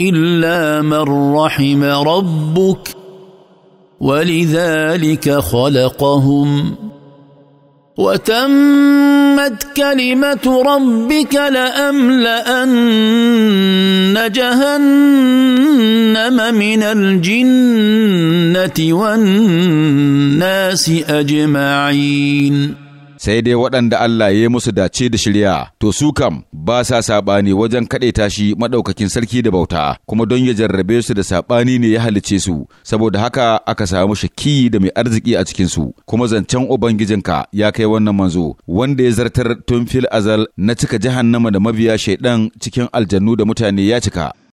الا من رحم ربك ولذلك خلقهم وتمت كلمه ربك لاملان جهنم من الجنه والناس اجمعين sai dai waɗanda Allah ya musu dace da shirya, to su kam ba sa saɓani wajen kaɗe tashi maɗaukakin sarki da bauta, kuma don ya jarrabe su da saɓani ne ya halice su, saboda haka aka samu shaki da mai arziki a cikin su kuma zancen Ubangijinka ya kai wannan manzo, wanda ya zartar tun fil azal na cika jahannama da mabiya shaidan cikin aljannu da mutane ya cika.